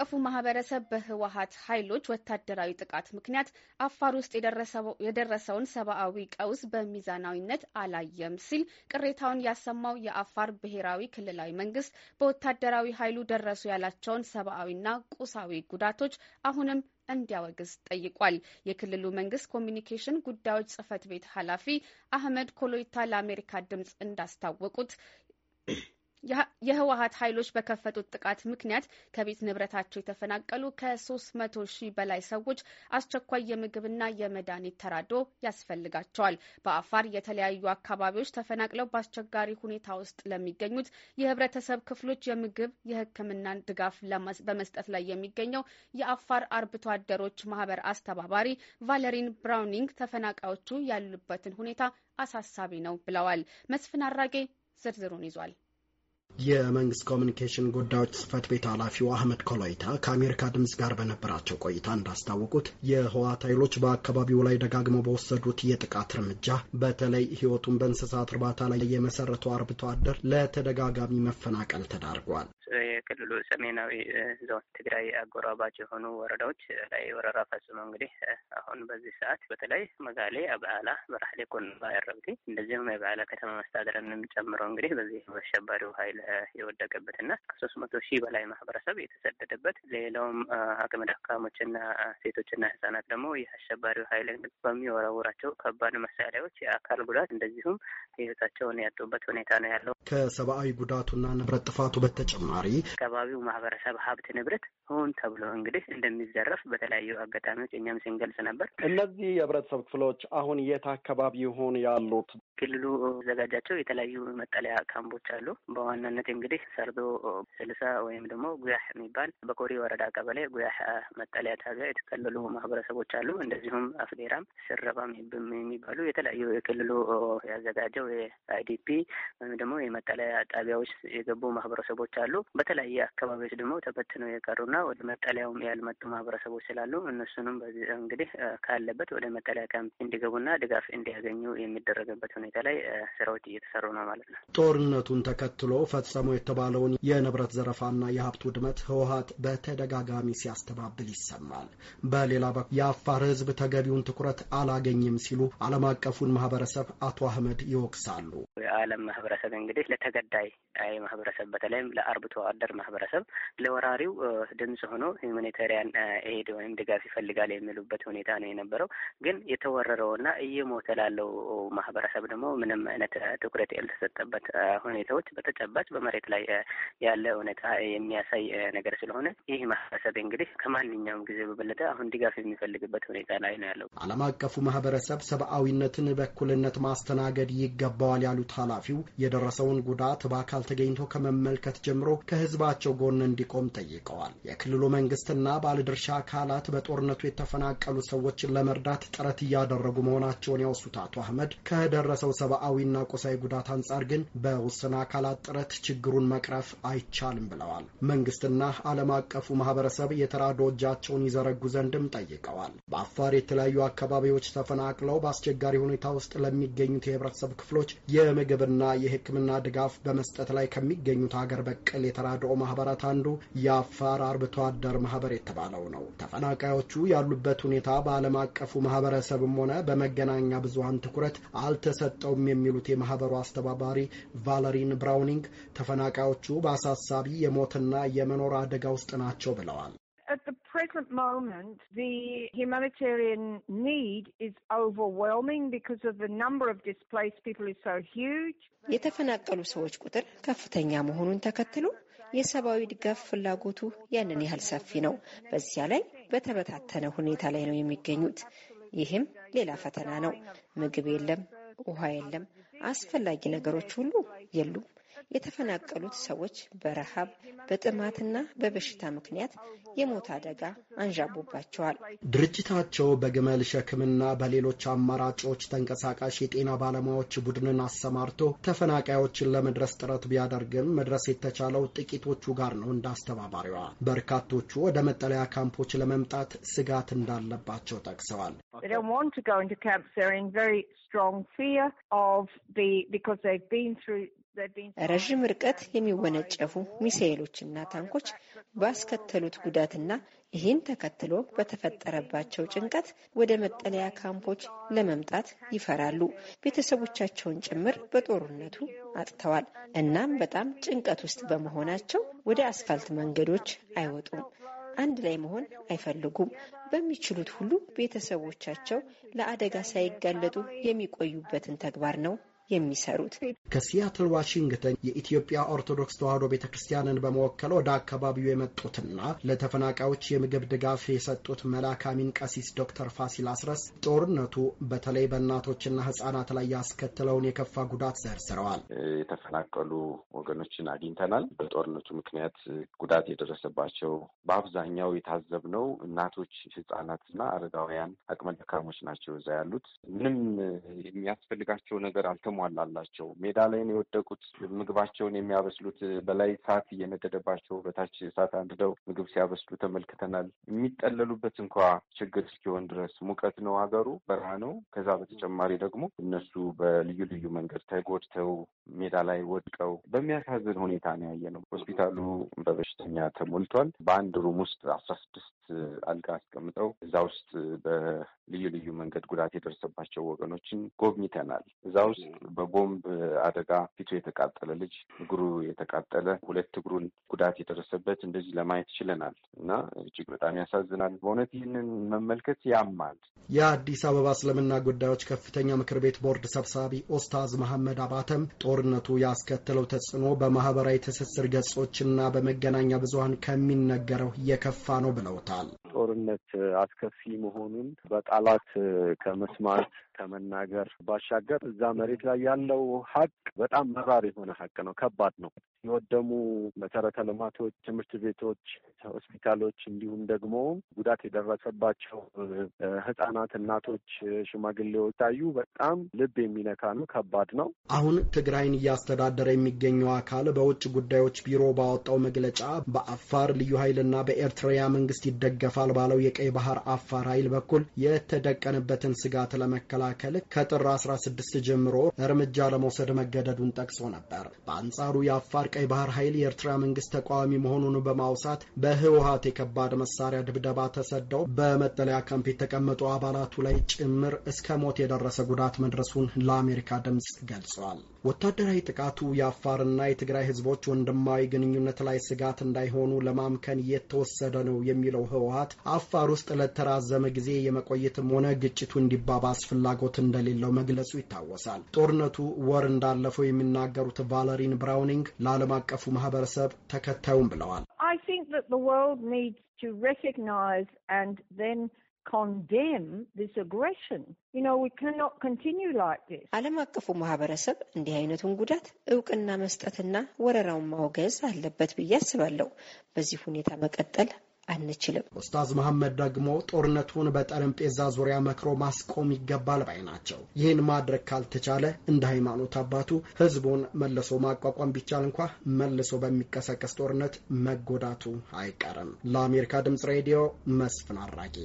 አቀፉ ማህበረሰብ በህወሀት ኃይሎች ወታደራዊ ጥቃት ምክንያት አፋር ውስጥ የደረሰውን ሰብአዊ ቀውስ በሚዛናዊነት አላየም ሲል ቅሬታውን ያሰማው የአፋር ብሔራዊ ክልላዊ መንግስት በወታደራዊ ኃይሉ ደረሱ ያላቸውን ሰብአዊና ቁሳዊ ጉዳቶች አሁንም እንዲያወግዝ ጠይቋል። የክልሉ መንግስት ኮሚኒኬሽን ጉዳዮች ጽህፈት ቤት ኃላፊ አህመድ ኮሎይታ ለአሜሪካ ድምጽ እንዳስታወቁት የህወሀት ኃይሎች በከፈቱት ጥቃት ምክንያት ከቤት ንብረታቸው የተፈናቀሉ ከ 300 ሺህ በላይ ሰዎች አስቸኳይ የምግብና የመድኃኒት ተራድኦ ያስፈልጋቸዋል። በአፋር የተለያዩ አካባቢዎች ተፈናቅለው በአስቸጋሪ ሁኔታ ውስጥ ለሚገኙት የህብረተሰብ ክፍሎች የምግብ የሕክምና ድጋፍ በመስጠት ላይ የሚገኘው የአፋር አርብቶ አደሮች ማህበር አስተባባሪ ቫለሪን ብራውኒንግ ተፈናቃዮቹ ያሉበትን ሁኔታ አሳሳቢ ነው ብለዋል። መስፍን አራጌ ዝርዝሩን ይዟል። የመንግስት ኮሚኒኬሽን ጉዳዮች ጽህፈት ቤት ኃላፊው አህመድ ኮሎይታ ከአሜሪካ ድምጽ ጋር በነበራቸው ቆይታ እንዳስታወቁት የህወሓት ኃይሎች በአካባቢው ላይ ደጋግመው በወሰዱት የጥቃት እርምጃ በተለይ ህይወቱን በእንስሳት እርባታ ላይ የመሰረተው አርብቶ አደር ለተደጋጋሚ መፈናቀል ተዳርጓል። የክልሉ ሰሜናዊ ዞን ትግራይ አጎራባች የሆኑ ወረዳዎች ላይ ወረራ ፈጽሞ እንግዲህ አሁን በዚህ ሰዓት በተለይ መጋሌ፣ አበዓላ፣ በራህሌ፣ ኮንባ፣ ያረብቲ እንደዚሁም የበዓላ ከተማ መስተዳደርንም ጨምሮ እንግዲህ በዚህ በአሸባሪው ኃይል የወደቀበትና ከሶስት መቶ ሺህ በላይ ማህበረሰብ የተሰደደበት ሌላውም አቅመ ደካሞችና ሴቶችና ህጻናት ደግሞ የአሸባሪው አሸባሪው ኃይል በሚወረውራቸው ከባድ መሳሪያዎች የአካል ጉዳት እንደዚሁም ህይወታቸውን ያጡበት ሁኔታ ነው ያለው። ከሰብአዊ ጉዳቱና ንብረት ጥፋቱ በተጨማ በተጨማሪ አካባቢው ማህበረሰብ ሀብት ንብረት ሆን ተብሎ እንግዲህ እንደሚዘረፍ በተለያዩ አጋጣሚዎች እኛም ስንገልጽ ነበር። እነዚህ የህብረተሰብ ክፍሎች አሁን የት አካባቢ ሆን ያሉት? ክልሉ ዘጋጃቸው የተለያዩ መጠለያ ካምቦች አሉ። በዋናነት እንግዲህ ሰርዶ ስልሳ ወይም ደግሞ ጉያህ የሚባል በኮሪ ወረዳ ቀበሌ ጉያህ መጠለያ ጣቢያ የተከለሉ ማህበረሰቦች አሉ። እንደዚሁም አፍዴራም፣ ስረባም የሚባሉ የተለያዩ የክልሉ ያዘጋጀው የአይዲፒ ወይም ደግሞ የመጠለያ ጣቢያዎች የገቡ ማህበረሰቦች አሉ። በተለያየ አካባቢዎች ደግሞ ተበትነው የቀሩና ወደ መጠለያውም ያልመጡ ማህበረሰቦች ስላሉ እነሱንም እንግዲህ ካለበት ወደ መጠለያ ካምፕ እንዲገቡና ድጋፍ እንዲያገኙ የሚደረግበት ሁኔታ ላይ ስራዎች እየተሰሩ ነው ማለት ነው። ጦርነቱን ተከትሎ ፈጸሞ የተባለውን የንብረት ዘረፋና የሀብት ውድመት ህወሀት በተደጋጋሚ ሲያስተባብል ይሰማል። በሌላ በኩል የአፋር ህዝብ ተገቢውን ትኩረት አላገኝም ሲሉ ዓለም አቀፉን ማህበረሰብ አቶ አህመድ ይወቅሳሉ። የዓለም ማህበረሰብ እንግዲህ ለተገዳይ ማህበረሰብ በተለይም ለአርብቶ አርሶ አደር ማህበረሰብ ለወራሪው ድምጽ ሆኖ ሁማኒታሪያን ኤድ ወይም ድጋፍ ይፈልጋል የሚሉበት ሁኔታ ነው የነበረው። ግን የተወረረውና እየሞተ ላለው ማህበረሰብ ደግሞ ምንም አይነት ትኩረት ያልተሰጠበት ሁኔታዎች በተጨባጭ በመሬት ላይ ያለ እውነታ የሚያሳይ ነገር ስለሆነ ይህ ማህበረሰብ እንግዲህ ከማንኛውም ጊዜ በበለጠ አሁን ድጋፍ የሚፈልግበት ሁኔታ ላይ ነው ያለው። ዓለም አቀፉ ማህበረሰብ ሰብአዊነትን በእኩልነት ማስተናገድ ይገባዋል ያሉት ኃላፊው የደረሰውን ጉዳት በአካል ተገኝቶ ከመመልከት ጀምሮ ከህዝባቸው ጎን እንዲቆም ጠይቀዋል። የክልሉ መንግስትና ባለድርሻ አካላት በጦርነቱ የተፈናቀሉ ሰዎችን ለመርዳት ጥረት እያደረጉ መሆናቸውን ያወሱት አቶ አህመድ ከደረሰው ሰብአዊና ቁሳዊ ጉዳት አንጻር ግን በውስን አካላት ጥረት ችግሩን መቅረፍ አይቻልም ብለዋል። መንግስትና ዓለም አቀፉ ማህበረሰብ የተራዶ እጃቸውን ይዘረጉ ዘንድም ጠይቀዋል። በአፋር የተለያዩ አካባቢዎች ተፈናቅለው በአስቸጋሪ ሁኔታ ውስጥ ለሚገኙት የህብረተሰብ ክፍሎች የምግብና የሕክምና ድጋፍ በመስጠት ላይ ከሚገኙት ሀገር በቀል የተራድኦ ማህበራት አንዱ የአፋር አርብቶ አደር ማህበር የተባለው ነው። ተፈናቃዮቹ ያሉበት ሁኔታ በዓለም አቀፉ ማህበረሰብም ሆነ በመገናኛ ብዙሀን ትኩረት አልተሰጠውም የሚሉት የማህበሩ አስተባባሪ ቫለሪን ብራውኒንግ ተፈናቃዮቹ በአሳሳቢ የሞትና የመኖር አደጋ ውስጥ ናቸው ብለዋል። present moment, the humanitarian need is overwhelming because of the number of displaced people is so huge. የተፈናቀሉ ሰዎች ቁጥር ከፍተኛ መሆኑን ተከትሎ የሰብአዊ ድጋፍ ፍላጎቱ ያንን ያህል ሰፊ ነው። በዚያ ላይ በተበታተነ ሁኔታ ላይ ነው የሚገኙት። ይህም ሌላ ፈተና ነው። ምግብ የለም፣ ውሃ የለም፣ አስፈላጊ ነገሮች ሁሉ የሉም። የተፈናቀሉት ሰዎች በረሃብ በጥማትና በበሽታ ምክንያት የሞት አደጋ አንዣቦባቸዋል። ድርጅታቸው በግመል ሸክምና በሌሎች አማራጮች ተንቀሳቃሽ የጤና ባለሙያዎች ቡድንን አሰማርቶ ተፈናቃዮችን ለመድረስ ጥረት ቢያደርግም መድረስ የተቻለው ጥቂቶቹ ጋር ነው። እንደ አስተባባሪዋ በርካቶቹ ወደ መጠለያ ካምፖች ለመምጣት ስጋት እንዳለባቸው ጠቅሰዋል። ረዥም ርቀት የሚወነጨፉ ሚሳኤሎችና ታንኮች ባስከተሉት ጉዳትና ይህን ተከትሎ በተፈጠረባቸው ጭንቀት ወደ መጠለያ ካምፖች ለመምጣት ይፈራሉ። ቤተሰቦቻቸውን ጭምር በጦርነቱ አጥተዋል። እናም በጣም ጭንቀት ውስጥ በመሆናቸው ወደ አስፋልት መንገዶች አይወጡም። አንድ ላይ መሆን አይፈልጉም። በሚችሉት ሁሉ ቤተሰቦቻቸው ለአደጋ ሳይጋለጡ የሚቆዩበትን ተግባር ነው የሚሰሩት። ከሲያትል ዋሽንግተን የኢትዮጵያ ኦርቶዶክስ ተዋህዶ ቤተ ክርስቲያንን በመወከል ወደ አካባቢው የመጡትና ለተፈናቃዮች የምግብ ድጋፍ የሰጡት መላካሚን ቀሲስ ዶክተር ፋሲል አስረስ ጦርነቱ በተለይ በእናቶችና ህጻናት ላይ ያስከትለውን የከፋ ጉዳት ዘርዝረዋል። የተፈናቀሉ ወገኖችን አግኝተናል። በጦርነቱ ምክንያት ጉዳት የደረሰባቸው በአብዛኛው የታዘብነው እናቶች፣ ህጻናትና አረጋውያን አቅመ ደካሞች ናቸው። እዛ ያሉት ምንም የሚያስፈልጋቸው ነገር አልተሞ የተሟላላቸው ሜዳ ላይ ነው የወደቁት። ምግባቸውን የሚያበስሉት በላይ እሳት እየነደደባቸው በታች እሳት አንድደው ምግብ ሲያበስሉ ተመልክተናል። የሚጠለሉበት እንኳ ችግር እስኪሆን ድረስ ሙቀት ነው፣ ሀገሩ በረሃ ነው። ከዛ በተጨማሪ ደግሞ እነሱ በልዩ ልዩ መንገድ ተጎድተው ሜዳ ላይ ወድቀው በሚያሳዝን ሁኔታ ነው ያየ ነው። ሆስፒታሉ በበሽተኛ ተሞልቷል። በአንድ ሩም ውስጥ አስራ ስድስት አልጋ አስቀምጠው እዛ ውስጥ በልዩ ልዩ መንገድ ጉዳት የደረሰባቸው ወገኖችን ጎብኝተናል። እዛ ውስጥ በቦምብ አደጋ ፊቱ የተቃጠለ ልጅ፣ እግሩ የተቃጠለ ሁለት እግሩን ጉዳት የደረሰበት እንደዚህ ለማየት ችለናል እና እጅግ በጣም ያሳዝናል። በእውነት ይህንን መመልከት ያማል። የአዲስ አበባ እስልምና ጉዳዮች ከፍተኛ ምክር ቤት ቦርድ ሰብሳቢ ኦስታዝ መሐመድ አባተም ጦርነቱ ያስከተለው ተጽዕኖ በማህበራዊ ትስስር ገጾችና በመገናኛ ብዙሀን ከሚነገረው የከፋ ነው ብለውታል። ጦርነት አስከፊ መሆኑን በቃላት ከመስማት ከመናገር ባሻገር እዛ መሬት ላይ ያለው ሀቅ በጣም መራር የሆነ ሀቅ ነው። ከባድ ነው። የወደሙ መሰረተ ልማቶች፣ ትምህርት ቤቶች፣ ሆስፒታሎች እንዲሁም ደግሞ ጉዳት የደረሰባቸው ህጻናት፣ እናቶች፣ ሽማግሌዎች ታዩ። በጣም ልብ የሚነካ ነው። ከባድ ነው። አሁን ትግራይን እያስተዳደረ የሚገኘው አካል በውጭ ጉዳዮች ቢሮ ባወጣው መግለጫ በአፋር ልዩ ኃይልና በኤርትራያ መንግስት ይደገፋል ባለው የቀይ ባህር አፋር ኃይል በኩል የተደቀነበትን ስጋት ለመከላከል ማዕከል ከጥር 16 ጀምሮ እርምጃ ለመውሰድ መገደዱን ጠቅሶ ነበር። በአንጻሩ የአፋር ቀይ ባህር ኃይል የኤርትራ መንግስት ተቃዋሚ መሆኑን በማውሳት በህወሀት የከባድ መሳሪያ ድብደባ ተሰደው በመጠለያ ካምፕ የተቀመጡ አባላቱ ላይ ጭምር እስከ ሞት የደረሰ ጉዳት መድረሱን ለአሜሪካ ድምፅ ገልጿል። ወታደራዊ ጥቃቱ የአፋርና የትግራይ ህዝቦች ወንድማዊ ግንኙነት ላይ ስጋት እንዳይሆኑ ለማምከን የተወሰደ ነው የሚለው ህወሀት አፋር ውስጥ ለተራዘመ ጊዜ የመቆየትም ሆነ ግጭቱ እንዲባባስ ፍላጎት ፍላጎት እንደሌለው መግለጹ ይታወሳል። ጦርነቱ ወር እንዳለፈው የሚናገሩት ቫለሪን ብራውኒንግ ለዓለም አቀፉ ማህበረሰብ ተከታዩም ብለዋል። ዓለም አቀፉ ማህበረሰብ እንዲህ አይነቱን ጉዳት እውቅና መስጠትና ወረራውን ማውገዝ አለበት ብዬ አስባለሁ። በዚህ ሁኔታ መቀጠል አንችልም። ኡስታዝ መሐመድ ደግሞ ጦርነቱን በጠረጴዛ ዙሪያ መክሮ ማስቆም ይገባል ባይ ናቸው። ይህን ማድረግ ካልተቻለ እንደ ሃይማኖት አባቱ ህዝቡን መልሶ ማቋቋም ቢቻል እንኳ መልሶ በሚቀሰቀስ ጦርነት መጎዳቱ አይቀርም። ለአሜሪካ ድምጽ ሬዲዮ መስፍን አራጌ